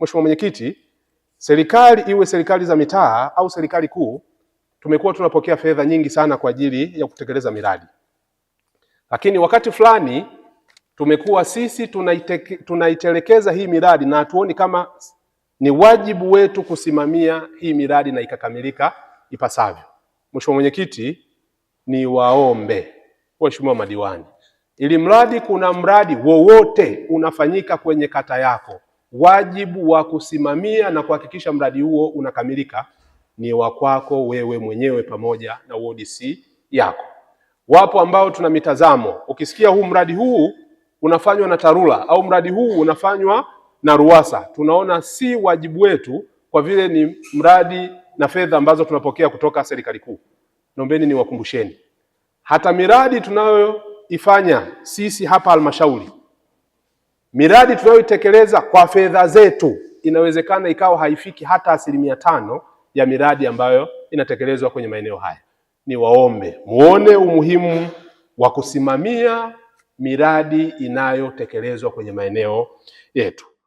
Mheshimiwa Mwenyekiti, serikali iwe serikali za mitaa au serikali kuu, tumekuwa tunapokea fedha nyingi sana kwa ajili ya kutekeleza miradi, lakini wakati fulani tumekuwa sisi tunaitelekeza hii miradi na hatuoni kama ni wajibu wetu kusimamia hii miradi na ikakamilika ipasavyo. Mheshimiwa Mwenyekiti, ni waombe waheshimiwa madiwani, ili mradi kuna mradi wowote unafanyika kwenye kata yako wajibu wa kusimamia na kuhakikisha mradi huo unakamilika ni wa kwako wewe mwenyewe pamoja na UDC yako. Wapo ambao tuna mitazamo, ukisikia huu mradi huu unafanywa na TARURA au mradi huu unafanywa na RUWASA, tunaona si wajibu wetu kwa vile ni mradi na fedha ambazo tunapokea kutoka serikali kuu. Naombeni niwakumbusheni, hata miradi tunayoifanya sisi hapa halmashauri miradi tunayoitekeleza kwa fedha zetu inawezekana ikawa haifiki hata asilimia tano ya miradi ambayo inatekelezwa kwenye maeneo haya. Ni waombe muone umuhimu wa kusimamia miradi inayotekelezwa kwenye maeneo yetu.